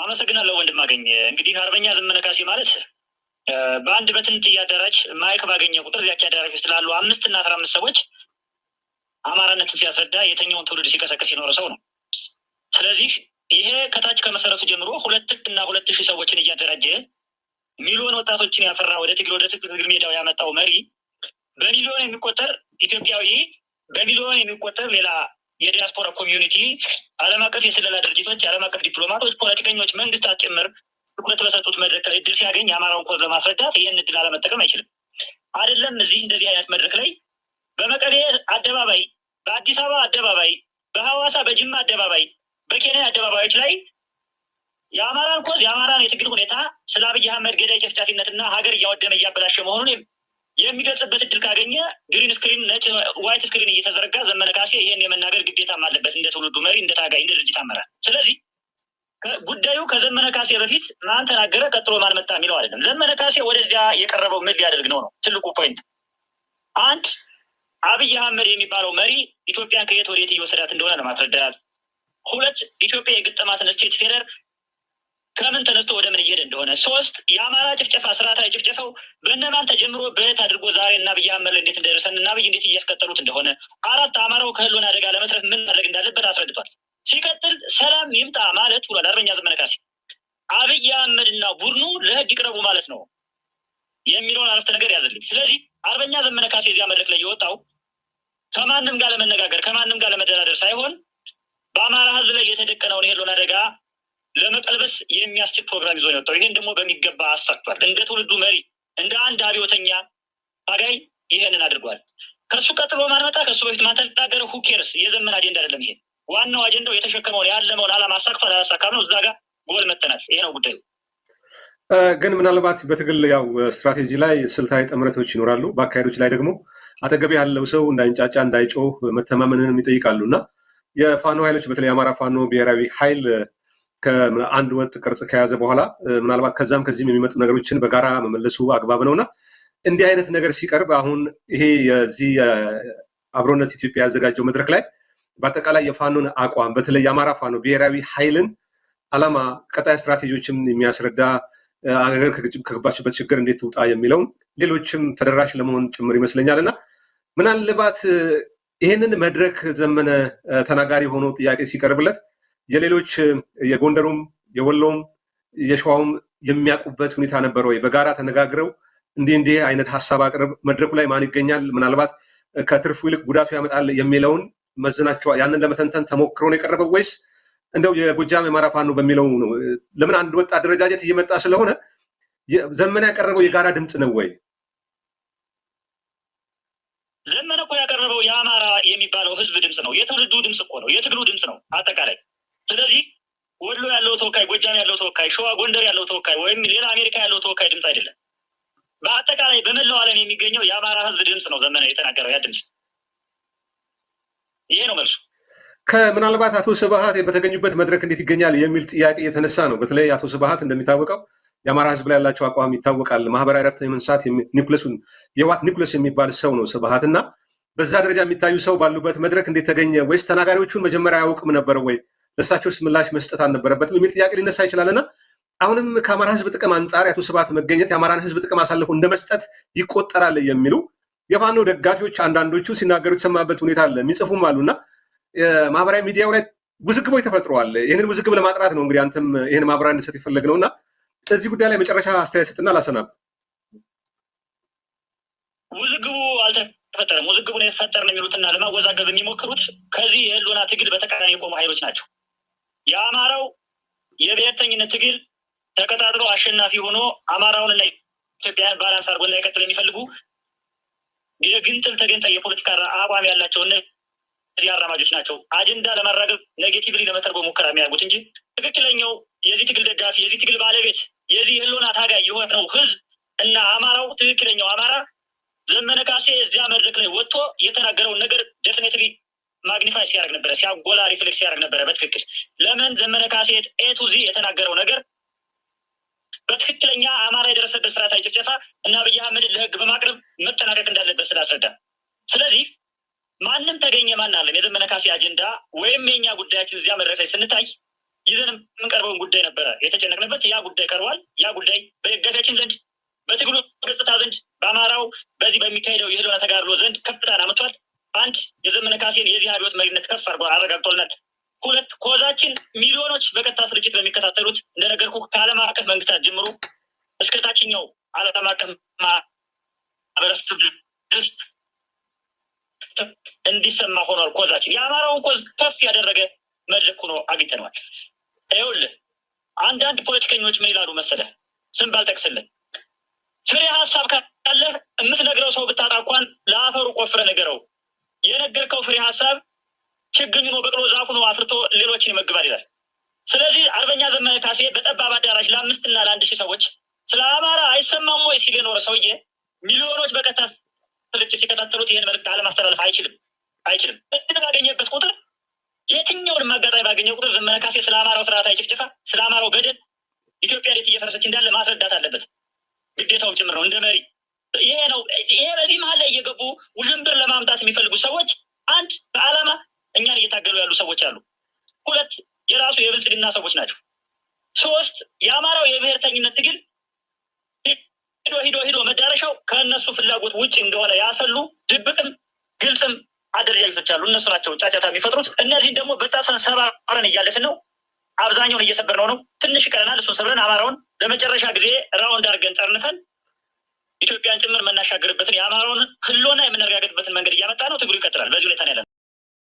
አመሰግናለሁ ወንድም አገኘ። እንግዲህ አርበኛ ዘመነ ካሴ ማለት በአንድ በትንት እያደራጅ ማይክ ባገኘ ቁጥር ያቺ አዳራሽ ውስጥ ላሉ አምስት እና አስራ አምስት ሰዎች አማራነትን ሲያስረዳ የተኛውን ትውልድ ሲቀሰቀስ የኖረ ሰው ነው። ስለዚህ ይሄ ከታች ከመሰረቱ ጀምሮ ሁለት እና ሁለት ሺህ ሰዎችን እያደራጀ ሚሊዮን ወጣቶችን ያፈራ ወደ ትግል ወደ ትግል ሜዳው ያመጣው መሪ በሚሊዮን የሚቆጠር ኢትዮጵያዊ በሚሊዮን የሚቆጠር ሌላ የዲያስፖራ ኮሚዩኒቲ፣ ዓለም አቀፍ የስለላ ድርጅቶች፣ የዓለም አቀፍ ዲፕሎማቶች፣ ፖለቲከኞች፣ መንግስታት ጭምር ትኩረት በሰጡት መድረክ ላይ እድል ሲያገኝ የአማራውን ኮዝ ለማስረዳት ይህን እድል አለመጠቀም አይችልም። አይደለም እዚህ እንደዚህ አይነት መድረክ ላይ በመቀሌ አደባባይ፣ በአዲስ አበባ አደባባይ፣ በሐዋሳ በጅማ አደባባይ፣ በኬንያ አደባባዮች ላይ የአማራን ኮዝ የአማራን የትግል ሁኔታ ስለ አብይ አህመድ ገዳይ ጨፍጫፊነትና ሀገር እያወደመ እያበላሸ መሆኑን የሚገልጽበት እድል ካገኘ ግሪን ስክሪን ነጭ ዋይት ስክሪን እየተዘረጋ ዘመነ ካሴ ይህን የመናገር ግዴታም አለበት እንደ ትውልዱ መሪ፣ እንደ ታጋይ፣ እንደ ድርጅት አመራር። ስለዚህ ጉዳዩ ከዘመነ ካሴ በፊት ማን ተናገረ ቀጥሎ ማን መጣ የሚለው አይደለም። ዘመነ ካሴ ወደዚያ የቀረበው ምን ሊያደርግ ነው ነው ትልቁ ፖይንት። አንድ አብይ አህመድ የሚባለው መሪ ኢትዮጵያን ከየት ወዴት እየወሰዳት እንደሆነ ለማስረዳት፣ ሁለት ኢትዮጵያ የገጠማትን ስቴት ፌለር ከምን ተነስቶ ወደ ምን እየሄደ እንደሆነ። ሶስት የአማራ ጭፍጨፋ ስርዓታዊ ጭፍጨፋው በእነማን ተጀምሮ በየት አድርጎ ዛሬ አብይ አህመድ እንዴት እንደደረሰን እና አብይ እንዴት እያስቀጠሉት እንደሆነ። አራት አማራው ከህልውና አደጋ ለመትረፍ ምን ማድረግ እንዳለበት አስረድቷል። ሲቀጥል ሰላም ይምጣ ማለት ብሏል። አርበኛ ዘመነ ካሴ አብይ አህመድና ቡድኑ ለህግ ይቅረቡ ማለት ነው የሚለውን አረፍተ ነገር ያዘልኝ። ስለዚህ አርበኛ ዘመነ ካሴ እዚያ መድረክ ላይ የወጣው ከማንም ጋር ለመነጋገር ከማንም ጋር ለመደራደር ሳይሆን በአማራ ህዝብ ላይ የተደቀነውን የህልውና አደጋ ለመቀልበስ የሚያስችል ፕሮግራም ይዞ የመጣው ይህን ደግሞ በሚገባ አሳክቷል። እንደ ትውልዱ መሪ፣ እንደ አንድ አብዮተኛ ታጋይ ይህንን አድርጓል። ከእሱ ቀጥሎ ማንመጣ ከእሱ በፊት ማተናገር ሁኬርስ የዘመን አጀንዳ አይደለም። ይሄ ዋናው አጀንዳው የተሸከመውን ያለመውን አላማ አሳክቷል አላሳካም ነው። እዛ ጋር ጎል መተናል። ይሄ ነው ጉዳዩ። ግን ምናልባት በትግል ያው ስትራቴጂ ላይ ስልታዊ ጥምረቶች ይኖራሉ። በአካሄዶች ላይ ደግሞ አጠገብ ያለው ሰው እንዳይንጫጫ እንዳይጮህ መተማመንንም ይጠይቃሉ እና የፋኖ ኃይሎች በተለይ አማራ ፋኖ ብሔራዊ ኃይል አንድ ወጥ ቅርጽ ከያዘ በኋላ ምናልባት ከዛም ከዚህም የሚመጡ ነገሮችን በጋራ መመለሱ አግባብ ነውና እንዲህ አይነት ነገር ሲቀርብ አሁን ይሄ የዚህ አብሮነት ኢትዮጵያ ያዘጋጀው መድረክ ላይ በአጠቃላይ የፋኖን አቋም በተለይ የአማራ ፋኖ ብሔራዊ ኃይልን አላማ ቀጣይ ስትራቴጂዎችን የሚያስረዳ አገር ከገባችበት ችግር እንዴት ትውጣ የሚለውን ሌሎችም ተደራሽ ለመሆን ጭምር ይመስለኛል እና ምናልባት ይህንን መድረክ ዘመነ ተናጋሪ ሆኖ ጥያቄ ሲቀርብለት የሌሎች የጎንደሩም የወሎም የሸዋውም የሚያውቁበት ሁኔታ ነበር ወይ? በጋራ ተነጋግረው እንዲህ እንዲህ አይነት ሀሳብ አቅርብ፣ መድረኩ ላይ ማን ይገኛል፣ ምናልባት ከትርፉ ይልቅ ጉዳቱ ያመጣል የሚለውን መዝናቸዋል። ያንን ለመተንተን ተሞክሮ ነው የቀረበው ወይስ እንደው የጎጃም የአማራ ፋኖ በሚለው ነው? ለምን አንድ ወጥ አደረጃጀት እየመጣ ስለሆነ ዘመነ ያቀረበው የጋራ ድምፅ ነው ወይ? ዘመነ እኮ ያቀረበው የአማራ የሚባለው ህዝብ ድምፅ ነው። የትውልዱ ድምፅ እኮ ነው። የትግሉ ድምፅ ነው አጠቃላይ ስለዚህ ወሎ ያለው ተወካይ፣ ጎጃም ያለው ተወካይ፣ ሸዋ ጎንደር ያለው ተወካይ ወይም ሌላ አሜሪካ ያለው ተወካይ ድምፅ አይደለም። በአጠቃላይ በመላው ዓለም የሚገኘው የአማራ ህዝብ ድምፅ ነው። ዘመነ የተናገረው ያ ድምፅ ይሄ ነው መልሱ። ከምናልባት አቶ ስብሀት በተገኙበት መድረክ እንዴት ይገኛል የሚል ጥያቄ የተነሳ ነው። በተለይ አቶ ስብሀት እንደሚታወቀው የአማራ ህዝብ ላይ ያላቸው አቋም ይታወቃል። ማህበራዊ ረፍት የመንሳት ኒኩለሱን የዋት ኒኩለስ የሚባል ሰው ነው ስብሀት እና በዛ ደረጃ የሚታዩ ሰው ባሉበት መድረክ እንዴት ተገኘ? ወይስ ተናጋሪዎቹን መጀመሪያ አያውቅም ነበረ ወይ? ለእሳቸውስ ምላሽ መስጠት አልነበረበትም የሚል ጥያቄ ሊነሳ ይችላልና አሁንም ከአማራ ህዝብ ጥቅም አንጻር የአቶ ስብሃት መገኘት የአማራን ህዝብ ጥቅም አሳልፎ እንደ መስጠት ይቆጠራል የሚሉ የፋኖ ደጋፊዎች አንዳንዶቹ ሲናገሩ የተሰማበት ሁኔታ አለ። የሚጽፉም አሉና ማህበራዊ ሚዲያው ላይ ውዝግቦች ተፈጥረዋል። ይህንን ውዝግብ ለማጥራት ነው እንግዲህ አንተም ይህን ማብራሪያ እንድሰጥ ይፈለግ ነው እና እዚህ ጉዳይ ላይ መጨረሻ አስተያየት ስጥና ላሰናብት። ውዝግቡ አልተፈጠረም። ውዝግቡን የተፈጠረ ነው የሚሉትና ለማወዛገብ የሚሞክሩት ከዚህ የህልውና ትግል በተቃራኒ የቆሙ ኃይሎች ናቸው። የአማራው የብሔርተኝነት ትግል ተቀጣጥሎ አሸናፊ ሆኖ አማራውን እና ኢትዮጵያን ባላንስ አድርጎ እንዳይቀጥል የሚፈልጉ የግንጥል ተገንጣይ የፖለቲካ አቋም ያላቸው እነዚህ አራማጆች ናቸው። አጀንዳ ለማራገብ ኔጌቲቭሊ ለመተርጎም ሙከራ የሚያደርጉት እንጂ ትክክለኛው የዚህ ትግል ደጋፊ፣ የዚህ ትግል ባለቤት፣ የዚህ ህልውና ታጋይ የሆነው ህዝብ እና አማራው ትክክለኛው አማራ ዘመነ ካሴ እዚያ መድረክ ላይ ወጥቶ የተናገረውን ነገር ደፍኔትሊ ማግኒፋይ ሲያደርግ ነበረ፣ ሲያጎላ ሪፍሌክስ ሲያደርግ ነበረ። በትክክል ለምን ዘመነ ካሴ ኤቱዚ የተናገረው ነገር በትክክለኛ አማራ የደረሰበት ስርዓታዊ ጭፍጨፋ እና አብይ አህመድ ለህግ በማቅረብ መጠናቀቅ እንዳለበት ስላስረዳ፣ ስለዚህ ማንም ተገኘ ማን አለም የዘመነ ካሴ አጀንዳ ወይም የኛ ጉዳያችን እዚያ መድረክ ላይ ስንታይ ይዘን የምንቀርበውን ጉዳይ ነበረ የተጨነቅንበት። ያ ጉዳይ ቀርቧል። ያ ጉዳይ በደጋፊያችን ዘንድ በትግሉ ገጽታ ዘንድ በአማራው በዚህ በሚካሄደው የህልውና ተጋድሎ ዘንድ ከፍታን አመቷል። አንድ የዘመነ ካሴን የዚህ አብዮት መሪነት ከፍ አርጎ አረጋግጦልናል። ሁለት ኮዛችን ሚሊዮኖች በቀጥታ ስርጭት በሚከታተሉት እንደነገርኩ ከዓለም አቀፍ መንግስታት ጀምሮ እስከ ታችኛው ዓለም አቀፍ ማህበረሰብ ድስ እንዲሰማ ሆኗል። ኮዛችን የአማራውን ኮዝ ከፍ ያደረገ መድረክ ሆኖ አግኝተነዋል። ይኸውልህ አንዳንድ ፖለቲከኞች ምን ይላሉ መሰለህ? ስም ባልጠቅስልህ ፍሬ ሀሳብ ካለህ የምትነግረው ሰው ብታጣ እንኳን ለአፈሩ ቆፍረ ነገረው የነገርከው ፍሬ ሀሳብ ችግኝ ነው በቅሎ ዛፉ ነው አፍርቶ ሌሎችን ይመግባል ይላል። ስለዚህ አርበኛ ዘመነ ካሴ በጠባብ አዳራሽ ለአምስትና ለአንድ ሺህ ሰዎች ስለ አማራ አይሰማም ወይ ሲል የኖረ ሰውዬ ሚሊዮኖች በቀጥታ ስርጭት ሲከታተሉት ይህን መልዕክት አለማስተላለፍ አይችልም አይችልም። እድል ባገኘበት ቁጥር የትኛውን አጋጣሚ ባገኘ ቁጥር ዘመነ ካሴ ስለ አማራው ስርዓታዊ ጭፍጨፋ፣ ስለ አማራው በደል ኢትዮጵያ ሌት እየፈረሰች እንዳለ ማስረዳት አለበት ግዴታውም ጭምር ነው እንደ መሪ ይሄ ነው። ይሄ በዚህ መሀል ላይ እየገቡ ውዥንብር ለማምጣት የሚፈልጉ ሰዎች አንድ በዓላማ እኛን እየታገሉ ያሉ ሰዎች አሉ። ሁለት የራሱ የብልጽግና ሰዎች ናቸው። ሶስት የአማራው የብሔርተኝነት ትግል ሂዶ ሂዶ ሂዶ መዳረሻው ከእነሱ ፍላጎት ውጭ እንደሆነ ያሰሉ ድብቅም ግልጽም አደረጃጀቶች አሉ። እነሱ ናቸው ጫጫታ የሚፈጥሩት። እነዚህን ደግሞ በጣሰን ሰባረን እያለፍን ነው። አብዛኛውን እየሰበር ነው ነው ትንሽ ቀረናል። እሱን ሰብረን አማራውን ለመጨረሻ ጊዜ ራውንድ አድርገን ጠርንፈን ኢትዮጵያን ጭምር የምናሻገርበትን የአማራውን ህሎና የምናረጋገጥበትን መንገድ እያመጣ ነው። ትግሉ ይቀጥላል። በዚህ ሁኔታ ነው ያለ